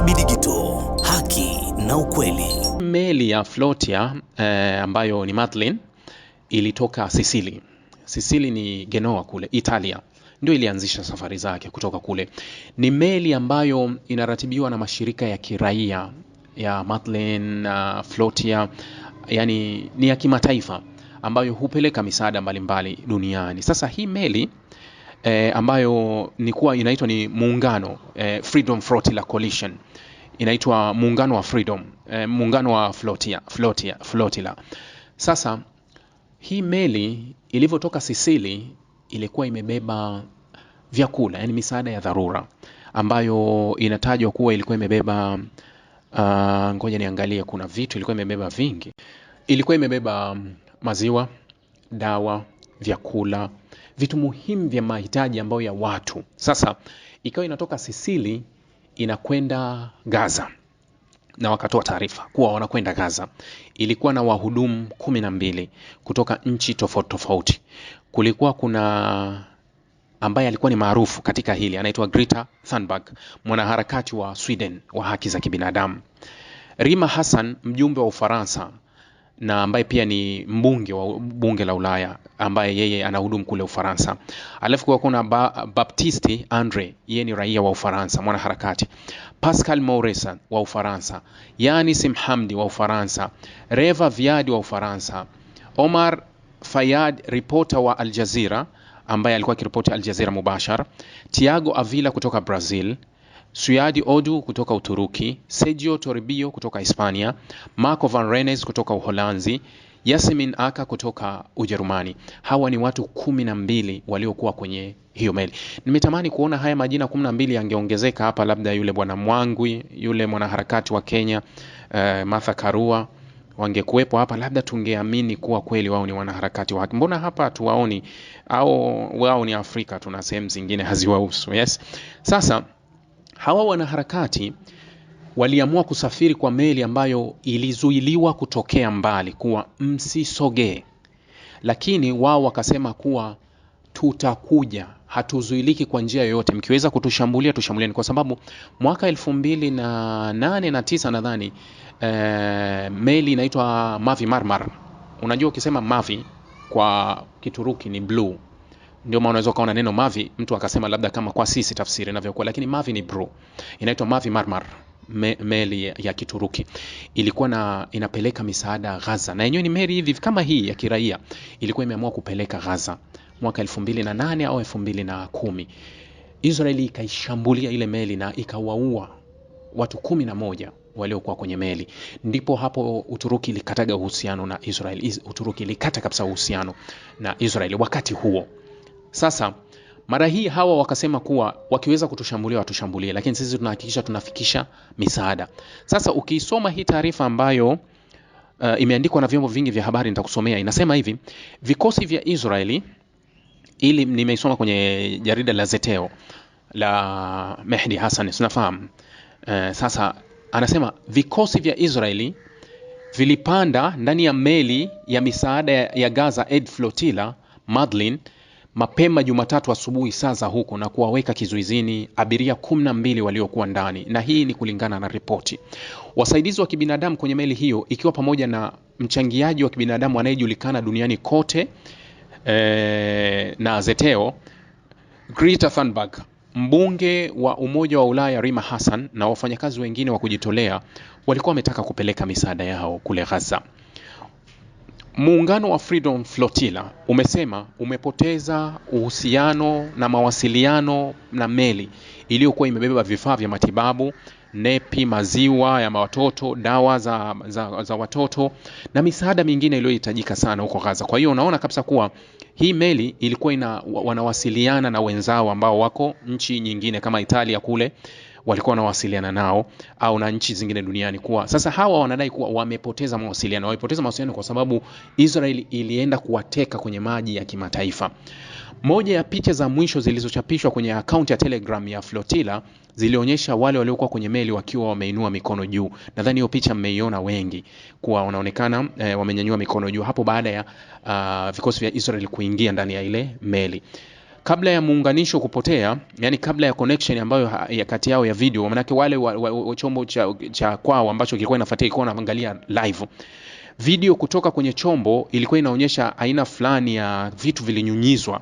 DSB Digital, haki na ukweli. Meli ya Flotia eh, ambayo ni Madeline ilitoka Sicily. Sicily ni Genoa kule Italia, ndio ilianzisha safari zake kutoka kule. Ni meli ambayo inaratibiwa na mashirika ya kiraia ya Madeline uh, Flotia, yani ni ya kimataifa ambayo hupeleka misaada mbalimbali duniani. Sasa hii meli eh, ambayo ni kuwa inaitwa ni muungano eh, Freedom Flotilla Coalition inaitwa muungano wa Freedom eh, muungano wa Flotia, Flotia, Flotilla. Sasa hii meli ilivyotoka Sisili ilikuwa imebeba vyakula, yani misaada ya dharura ambayo inatajwa kuwa ilikuwa imebeba uh, ngoja niangalie, kuna vitu ilikuwa imebeba vingi. Ilikuwa imebeba maziwa, dawa, vyakula vitu muhimu vya mahitaji ambayo ya watu. Sasa ikawa inatoka Sisili inakwenda Gaza na wakatoa taarifa kuwa wanakwenda Gaza. Ilikuwa na wahudumu kumi na mbili kutoka nchi tofauti tofauti. Kulikuwa kuna ambaye alikuwa ni maarufu katika hili anaitwa Greta Thunberg, mwanaharakati wa Sweden wa haki za kibinadamu. Rima Hassan, mjumbe wa Ufaransa na ambaye pia ni mbunge wa bunge la Ulaya ambaye yeye anahudumu kule Ufaransa. Alafu kuwa kuna ba, Baptiste Andre, yeye ni raia wa Ufaransa, mwanaharakati. Pascal Mauresan wa Ufaransa, Yanis Mhamdi wa Ufaransa, Reva Viadi wa Ufaransa, Omar Fayad ripota wa Al Jazeera ambaye alikuwa akiripoti Al Jazeera mubashar, Tiago Avila kutoka Brazil, Suyadi Odu kutoka Uturuki, Sergio Toribio kutoka Hispania, Marco van Rennes kutoka Uholanzi, Yasemin Aka kutoka Ujerumani. Hawa ni watu kumi na mbili waliokuwa kwenye hiyo meli. Nimetamani kuona haya majina kumi na mbili yangeongezeka hapa, labda yule bwana Mwangwi, yule mwanaharakati wa Kenya eh, Martha Karua wangekuwepo hapa, labda tungeamini kuwa kweli wao ni wanaharakati wa haki. Mbona hapa tuwaoni? Au wao ni Afrika, tuna sehemu zingine haziwahusu. Yes, sasa Hawa wanaharakati waliamua kusafiri kwa meli ambayo ilizuiliwa kutokea mbali, kuwa msisogee, lakini wao wakasema kuwa tutakuja, hatuzuiliki kwa njia yoyote, mkiweza kutushambulia tushambulieni, kwa sababu mwaka elfu mbili na nane na tisa nadhani e, meli inaitwa Mavi Marmar. Unajua, ukisema Mavi kwa Kituruki ni bluu ndio maana unaweza ukaona neno mavi mtu akasema labda kama kwa sisi tafsiri inavyokuwa, lakini mavi ni brew, inaitwa mavi marmar me, meli ya Kituruki ilikuwa na inapeleka misaada Gaza, na yenyewe ni meli hivi kama hii ya kiraia, ilikuwa imeamua kupeleka Gaza mwaka 2008 au 2010. Israeli ikaishambulia ile meli na ikawaua watu kumi na moja waliokuwa kwenye meli. Ndipo hapo Uturuki ilikataga uhusiano na Israel. Uturuki ilikata kabisa uhusiano na israel wakati huo. Sasa mara hii hawa wakasema kuwa wakiweza kutushambulia watushambulie, lakini sisi tunahakikisha tunafikisha misaada. Sasa ukiisoma hii taarifa ambayo uh, imeandikwa na vyombo vingi vya habari, nitakusomea inasema hivi: vikosi vya Israeli, ili nimeisoma kwenye jarida la Zeteo la Mehdi Hassan, sinafahamu uh, sasa anasema vikosi vya Israeli vilipanda ndani ya meli ya misaada ya Gaza Aid Flotilla Madlin mapema Jumatatu asubuhi saa za huko na kuwaweka kizuizini abiria kumi na mbili waliokuwa ndani, na hii ni kulingana na ripoti. Wasaidizi wa kibinadamu kwenye meli hiyo ikiwa pamoja na mchangiaji wa kibinadamu anayejulikana duniani kote e, na Zeteo Greta Thunberg, mbunge wa Umoja wa Ulaya Rima Hassan na wafanyakazi wengine wa kujitolea walikuwa wametaka kupeleka misaada yao kule Gaza. Muungano wa Freedom Flotilla umesema umepoteza uhusiano na mawasiliano na meli iliyokuwa imebeba vifaa vya matibabu, nepi, maziwa ya watoto, dawa za, za, za watoto na misaada mingine iliyohitajika sana huko Gaza. Kwa hiyo unaona kabisa kuwa hii meli ilikuwa ina wanawasiliana na wenzao ambao wako nchi nyingine kama Italia kule walikuwa wanawasiliana nao au na nchi zingine duniani kuwa sasa hawa wanadai kuwa wamepoteza mawasiliano. Wamepoteza mawasiliano kwa sababu Israel ilienda kuwateka kwenye maji ya kimataifa. Moja ya picha za mwisho zilizochapishwa kwenye akaunti ya Telegram ya flotila zilionyesha wale waliokuwa kwenye meli wakiwa wameinua mikono juu. Nadhani hiyo picha mmeiona wengi kuwa wanaonekana e, wamenyanyua mikono juu hapo baada ya uh, vikosi vya Israel kuingia ndani ya ile meli kabla ya muunganisho kupotea, yani kabla ya connection ambayo ya kati yao ya video, manake wale wa, wa, wa, chombo cha, cha kwao ambacho kilikuwa inafuatia ilikuwa inaangalia live video kutoka kwenye chombo, ilikuwa inaonyesha aina fulani ya vitu vilinyunyizwa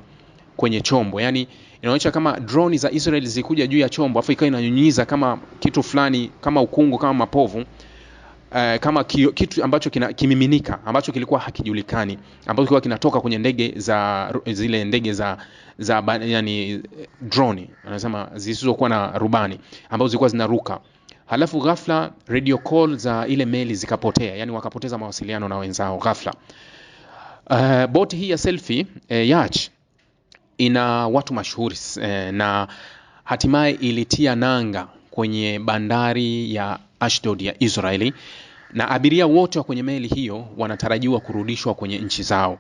kwenye chombo, yani inaonyesha kama drone za Israel zikuja juu ya chombo afu ikawa inanyunyiza kama kitu fulani, kama ukungu, kama mapovu eh, kama ki, kitu ambacho kina, kimiminika ambacho kilikuwa hakijulikani ambacho kilikuwa kinatoka kwenye ndege za zile ndege za za yani drone anasema zisizokuwa na rubani ambazo zilikuwa zinaruka halafu ghafla radio call za ile meli zikapotea yani wakapoteza mawasiliano na wenzao ghafla uh, boti hii ya selfie eh, yacht ina watu mashuhuri eh, na hatimaye ilitia nanga kwenye bandari ya Ashdod ya Israeli, na abiria wote wa kwenye meli hiyo wanatarajiwa kurudishwa kwenye nchi zao.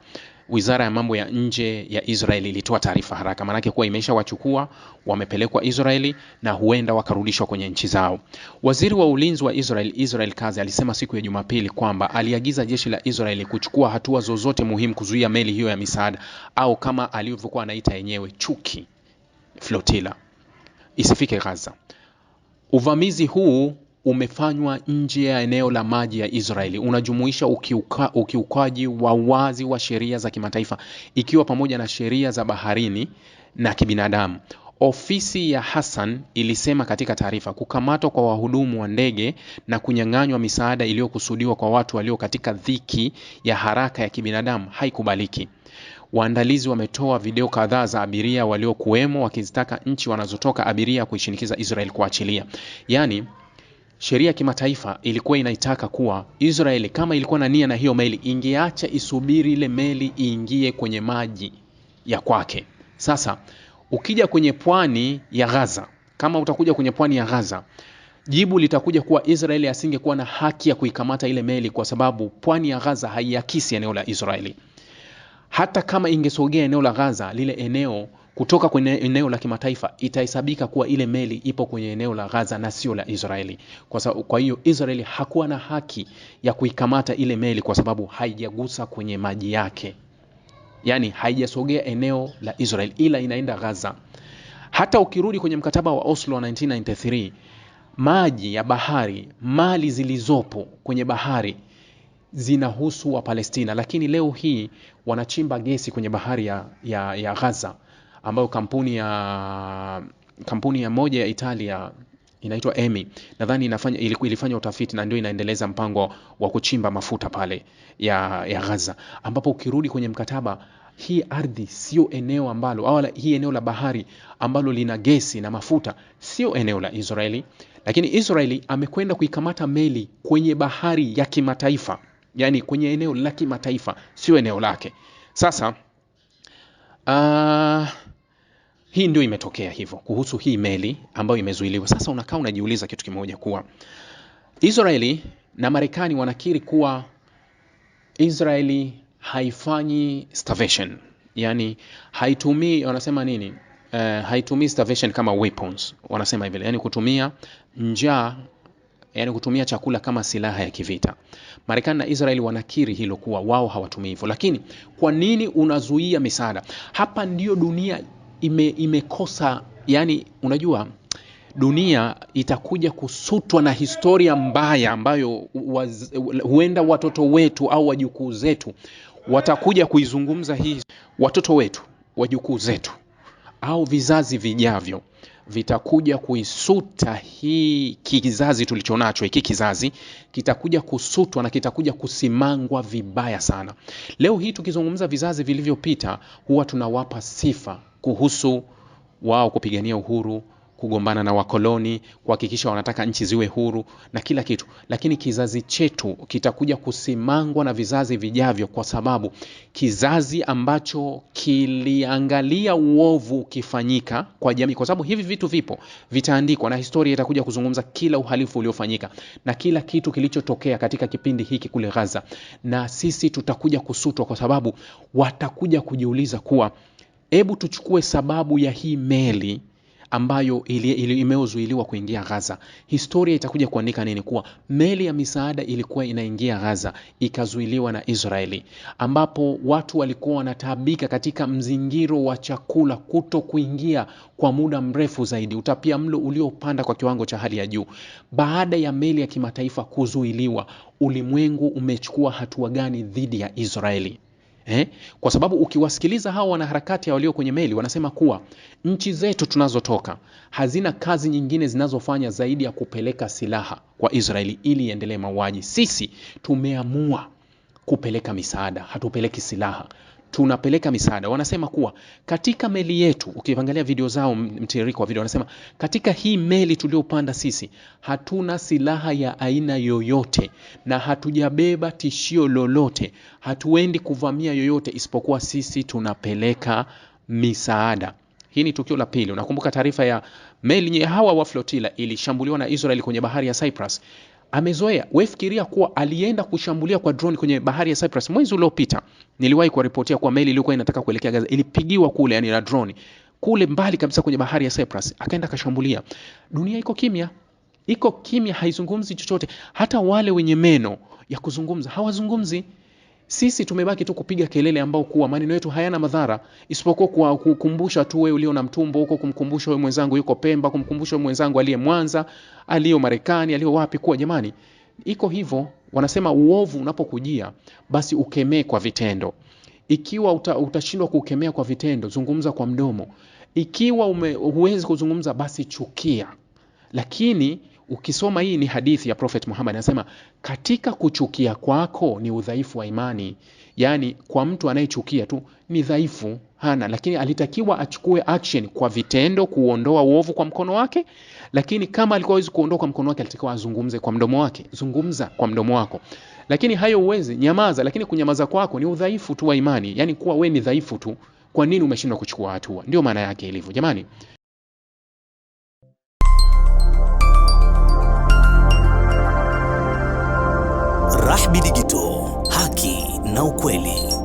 Wizara ya mambo ya nje ya Israeli ilitoa taarifa haraka, maanake kuwa imeshawachukua wamepelekwa Israeli na huenda wakarudishwa kwenye nchi zao. Waziri wa ulinzi wa Israel Israel Kazi, alisema siku ya Jumapili kwamba aliagiza jeshi la Israeli kuchukua hatua zozote muhimu kuzuia meli hiyo ya misaada au kama alivyokuwa anaita yenyewe Chuki Flotilla isifike Gaza. Uvamizi huu umefanywa nje ya eneo la maji ya Israeli unajumuisha ukiuka, ukiukaji wa wazi wa sheria za kimataifa ikiwa pamoja na sheria za baharini na kibinadamu. Ofisi ya Hassan ilisema katika taarifa, kukamatwa kwa wahudumu wa ndege na kunyang'anywa misaada iliyokusudiwa kwa watu walio katika dhiki ya haraka ya kibinadamu haikubaliki. Waandalizi wametoa video kadhaa za abiria waliokuwemo wakizitaka nchi wanazotoka abiria kuishinikiza Israel kuachilia. Yaani sheria ya kimataifa ilikuwa inaitaka kuwa Israeli kama ilikuwa na nia na hiyo meli ingeacha isubiri ile meli iingie kwenye maji ya kwake. Sasa ukija kwenye pwani ya Gaza, kama utakuja kwenye pwani ya Gaza, jibu litakuja kuwa Israeli asingekuwa na haki ya kuikamata ile meli kwa sababu pwani ya Gaza haiakisi eneo la Israeli. Hata kama ingesogea eneo la Gaza, lile eneo kutoka kwenye eneo la kimataifa itahesabika kuwa ile meli ipo kwenye eneo la Gaza na sio la Israeli. Kwa sababu, kwa hiyo Israeli hakuwa na haki ya kuikamata ile meli kwa sababu haijagusa kwenye maji yake, yaani haijasogea eneo la Israeli ila inaenda Gaza. Hata ukirudi kwenye mkataba wa Oslo wa 1993 maji ya bahari, mali zilizopo kwenye bahari zinahusu wa Palestina, lakini leo hii wanachimba gesi kwenye bahari ya, ya, ya Gaza ambayo kampuni ya kampuni ya moja ya Italia inaitwa EMI nadhani inafanya ilifanya utafiti na ndio inaendeleza mpango wa kuchimba mafuta pale ya, ya Gaza, ambapo ukirudi kwenye mkataba, hii ardhi sio eneo ambalo au hii eneo la bahari ambalo lina gesi na mafuta sio eneo la Israeli, lakini Israeli amekwenda kuikamata meli kwenye bahari ya kimataifa, yani kwenye eneo la kimataifa, sio eneo lake. Sasa uh, hii ndio imetokea hivyo kuhusu hii meli ambayo imezuiliwa. Sasa unakaa unajiuliza kitu kimoja kuwa Israeli na Marekani wanakiri kuwa Israeli haifanyi starvation, yani haitumii, wanasema nini? Uh, haitumii starvation kama weapons, wanasema vile, yani kutumia njaa, yani kutumia chakula kama silaha ya kivita. Marekani na Israeli wanakiri hilo kuwa wao hawatumii hivyo, lakini kwa nini unazuia misaada? Hapa ndio dunia ime, imekosa yani unajua dunia itakuja kusutwa na historia mbaya ambayo huenda watoto wetu au wajukuu zetu watakuja kuizungumza hii watoto wetu wajukuu zetu au vizazi vijavyo vitakuja kuisuta hii kizazi tulichonacho hiki kizazi kitakuja kusutwa na kitakuja kusimangwa vibaya sana. Leo hii tukizungumza vizazi vilivyopita, huwa tunawapa sifa kuhusu wao kupigania uhuru, kugombana na wakoloni, kuhakikisha wanataka nchi ziwe huru na kila kitu, lakini kizazi chetu kitakuja kusimangwa na vizazi vijavyo, kwa sababu kizazi ambacho kiliangalia uovu ukifanyika kwa jamii, kwa sababu hivi vitu vipo, vitaandikwa na historia itakuja kuzungumza kila uhalifu uliofanyika na kila kitu kilichotokea katika kipindi hiki kule Gaza, na sisi tutakuja kusutwa, kwa sababu watakuja kujiuliza kuwa, hebu tuchukue sababu ya hii meli ambayo ili, ili, imeozuiliwa kuingia Gaza. Historia itakuja kuandika nini? Kuwa meli ya misaada ilikuwa inaingia Gaza ikazuiliwa na Israeli, ambapo watu walikuwa wanataabika katika mzingiro wa chakula, kuto kuingia kwa muda mrefu zaidi, utapia mlo uliopanda kwa kiwango cha hali ya juu. Baada ya meli ya kimataifa kuzuiliwa, ulimwengu umechukua hatua gani dhidi ya Israeli? eh? Kwa sababu ukiwasikiliza hawa wanaharakati walio kwenye meli wanasema kuwa nchi zetu tunazotoka hazina kazi nyingine zinazofanya zaidi ya kupeleka silaha kwa Israeli ili iendelee mauaji. Sisi tumeamua kupeleka misaada, hatupeleki silaha tunapeleka misaada. Wanasema kuwa katika meli yetu, ukiangalia video zao, mtiririko wa video, wanasema katika hii meli tuliopanda sisi hatuna silaha ya aina yoyote na hatujabeba tishio lolote, hatuendi kuvamia yoyote, isipokuwa sisi tunapeleka misaada. Hii ni tukio la pili. Unakumbuka taarifa ya meli hawa wa flotila ilishambuliwa na Israel kwenye bahari ya Cyprus amezoea. Wefikiria kuwa alienda kushambulia kwa drone kwenye bahari ya Cyprus mwezi uliopita. Niliwahi kuwaripotia kuwa meli iliyokuwa inataka kuelekea Gaza ilipigiwa kule, yani na drone kule mbali kabisa kwenye bahari ya Cyprus, akaenda akashambulia. Dunia iko kimya, iko kimya, haizungumzi chochote. Hata wale wenye meno ya kuzungumza hawazungumzi. Sisi tumebaki tu kupiga kelele ambao kuwa maneno yetu hayana madhara isipokuwa kukumbusha tu wewe ulio na mtumbo huko, kumkumbusha wewe mwenzangu yuko Pemba, kumkumbusha wewe mwenzangu aliye Mwanza, aliyo Marekani, aliyo wapi, kuwa jamani, iko hivyo. Wanasema uovu unapokujia basi ukemee kwa vitendo. Ikiwa uta, utashindwa kukemea kwa vitendo, zungumza kwa mdomo. Ikiwa ume, huwezi kuzungumza basi chukia, lakini Ukisoma hii ni hadithi ya Prophet Muhammad anasema, katika kuchukia kwako ni udhaifu wa imani. Yaani kwa mtu anayechukia tu ni dhaifu, hana lakini alitakiwa achukue action kwa vitendo, kuondoa uovu kwa mkono wake. Lakini kama alikuwa hawezi kuondoa kwa mkono wake, alitakiwa azungumze kwa mdomo wake. Zungumza kwa mdomo wako, lakini hayo uwezi, nyamaza. Lakini kunyamaza kwako ni udhaifu tu wa imani, yaani kuwa we ni dhaifu tu. Kwa nini umeshindwa kuchukua hatua? Ndio maana yake ilivyo, jamani. Rahby Digital, haki na ukweli.